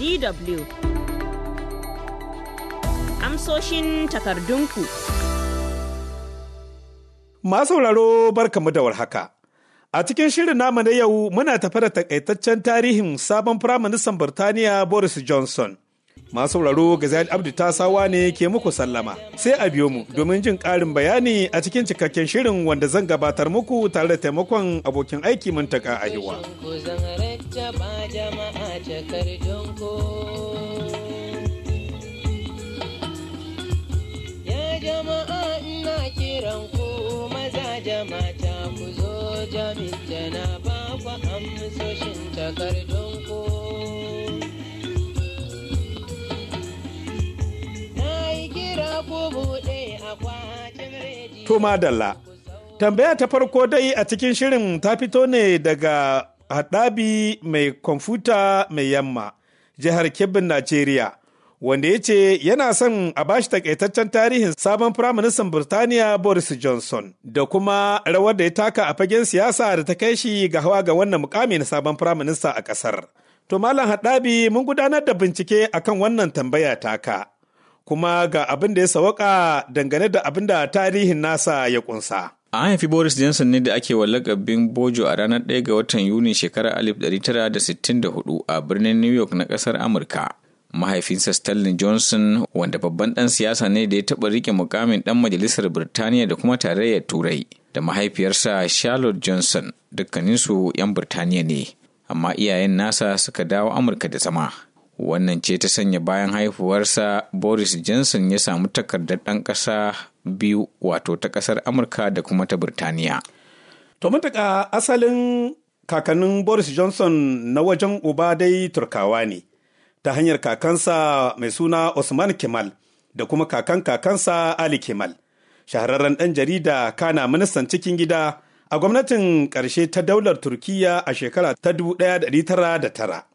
DW. Amsoshin takardunku. Masu sauraro barkamu da warhaka. A cikin shirin namu na yau muna tafe da takaitaccen tarihin sabon Firaministan Birtaniya Boris Johnson. Masu sauraro Gazali Abdu ta sawa ne ke muku sallama. Sai a biyo mu domin jin karin bayani a cikin cikakken shirin wanda zan gabatar muku tare da taimakon abokin aiki mun taka a yiwa jama'a ina kiran ku maza jama'a ku zo jami'a na takardun To madalla. Tambaya ta farko dai a cikin shirin ta fito ne daga haɗabi mai kwamfuta mai yamma, jihar Kebbin, Najeriya, wanda ya ce yana son a bashi takaitaccen tarihin sabon firaministan Birtaniya Boris Johnson da kuma rawar da ya taka a fagen siyasa da ta kai shi ga hawa ga wannan mukami na sabon firaminista a ƙasar. To Malam Haɗabi mun gudanar da bincike akan wannan tambaya taka. kuma ga abin da ya sawaka dangane da abin da tarihin nasa ya kunsa. a haifi Boris Johnson ne da ake wa lakabin Bojo a ranar 1 ga watan Yuni shekarar 1964 a birnin New York na kasar Amurka. Mahaifinsa Stanley Johnson, wanda babban ɗan siyasa ne da ya taɓa rike mukamin ɗan majalisar Birtaniya da kuma tarayyar Turai, da mahaifiyarsa Charlotte Johnson, dukkaninsu 'yan Birtaniya ne, amma iyayen nasa suka dawo Amurka da zama. wannan ce ta sanya bayan haifuwarsa boris johnson ya samu takardar ɗan ƙasa biyu wato ta ƙasar amurka da kuma ta birtaniya to mataka asalin kakannin boris johnson na wajen uba dai turkawa ne ta hanyar kakansa mai suna osman kemal da kuma kakan kakansa ali kemal shahararren ɗan jarida kana ministan cikin gida a gwamnatin ƙarshe ta daular turkiya a shekara ta 1909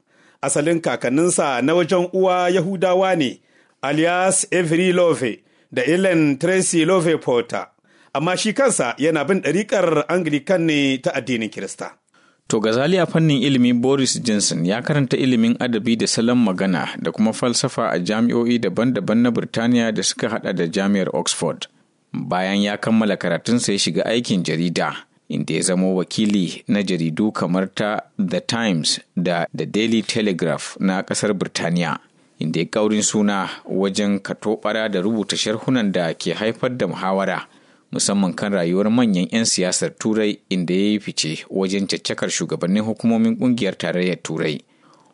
asalin kakanninsa na wajen uwa Yahudawa ne, alias Avery Love da Ellen Tracy Love Porter, amma shi kansa yana bin ɗariƙar Anglican ne ta addinin Kirista. To gazali a fannin ilimi Boris Johnson ya karanta ilimin adabi da salon magana da kuma falsafa a jami'o'i daban-daban na Birtaniya da suka hada da jami'ar Oxford. Bayan ya kammala karatunsa ya shiga aikin jarida, inda ya zamo wakili na jaridu kamar ta The Times da The Daily Telegraph na kasar Birtaniya. Inda ya kaurin suna wajen katobara da rubuta sharhunan da ke haifar da muhawara musamman kan rayuwar manyan 'yan siyasar turai inda ya yi fice wajen caccakar shugabannin hukumomin kungiyar tarayyar turai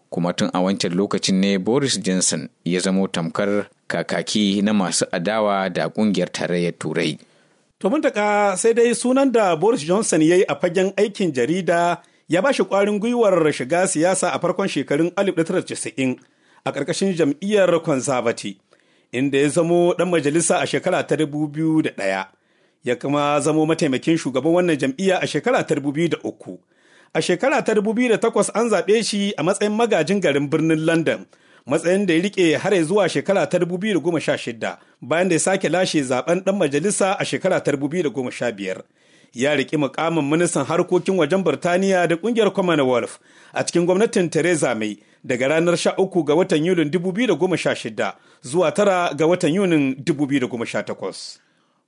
kuma tun a wancan lokacin ne boris johnson ya zamo tamkar kakaki na masu adawa da kungiyar tarayyar turai To muntaka sai dai sunan da Boris Johnson ya yi a fagen aikin jarida ya ba shi ƙwarin gwiwar shiga siyasa a farkon shekarun 1990 a ƙarƙashin jam'iyyar Conservative, inda ya zamo ɗan majalisa a shekara ta 2001, ya kuma zamo mataimakin shugaban wannan jam'iyya a shekara ta 2003. A shekara ta 2008 an zaɓe shi a matsayin magajin garin birnin London matsayin da ya rike har zuwa shekara ta 2016 bayan da ya sake lashe zaben dan majalisa a shekara ta 2015 ya riki mukamin ministan harkokin wajen Birtaniya da kungiyar Commonwealth a cikin gwamnatin Theresa May daga ranar 13 ga watan Yulin 2016 zuwa tara ga watan Yunin 2018.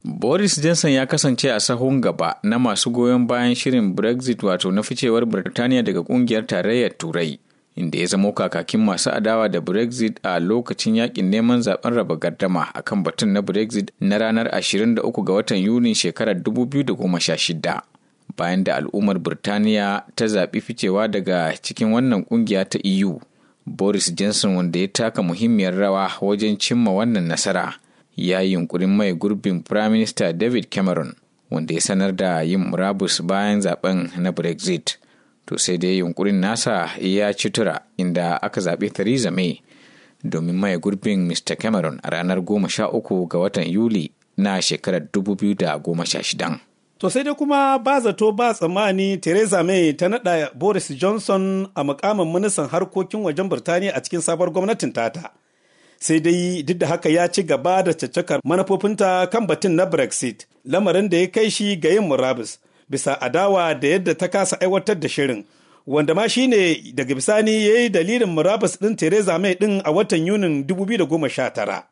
Boris Johnson ya kasance a sahun gaba na masu goyon bayan shirin Brexit wato na ficewar Birtaniya daga kungiyar tarayyar Turai. inda ya zamo kakakin masu adawa da Brexit a lokacin yakin neman zaben raba gardama a kan batun na Brexit na ranar 23 ga watan Yunin shekarar 2016. Bayan da al'ummar Birtaniya ta zaɓi ficewa daga cikin wannan ƙungiya ta EU, Boris Johnson wanda ya taka muhimmiyar rawa wajen cimma wannan nasara, ya yi yunkurin mai gurbin Firaminista David Cameron, wanda ya sanar da yin murabus bayan zaben na Brexit. to sai dai yunkurin nasa ya ci tura inda aka zaɓi theresa may domin maye gurbin mr cameron a ranar 13 ga watan yuli na shekarar 2016 to sai dai kuma ba zato ba tsammani theresa may ta naɗa boris johnson a mukamin ministan harkokin wajen birtaniya a cikin sabuwar gwamnatin tata sai dai duk da haka ya ci gaba da caccakar manufofinta kan batun na brexit lamarin da ya kai shi ga yin murabus bisa adawa da yadda ta kasa aiwatar da shirin wanda ma shine daga bisani ya yi dalilin murabus ɗin Theresa May ɗin a watan Yunin 2019.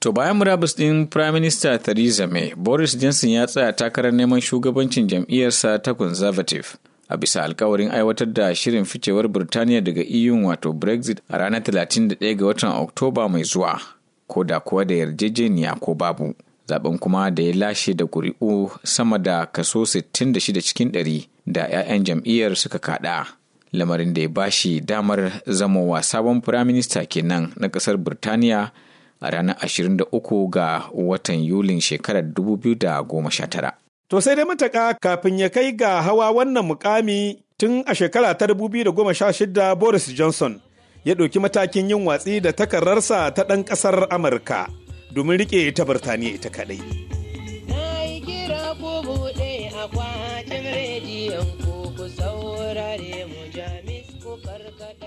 To bayan murabus ɗin Prime Minister Theresa May, Boris Johnson ya tsaya takarar neman shugabancin jam'iyyarsa ta Conservative. A bisa alkawarin aiwatar da shirin ficewar Birtaniya daga EU wato Brexit a ranar 31 ga watan Oktoba mai zuwa, ko da kuwa da yarjejeniya ko babu. zaben kuma da ya lashe da ƙuri'u sama da kaso 66 cikin 100 da 'ya'yan jam'iyyar suka kaɗa lamarin da ya bashi damar zamowa sabon firaminista kenan na ƙasar birtaniya a ranar 23 ga watan yulin shekarar 2019 to sai dai mataka kafin ya kai ga hawa wannan mukami tun a shekara ta 2016 boris johnson ya ɗauki matakin yin watsi da takararsa ta ɗan ƙasar amurka domin rike ta Birtaniya ita kadai. Na yi kira ku buɗe akwatin rediyon ku ku saurare mu jamis ku karkata.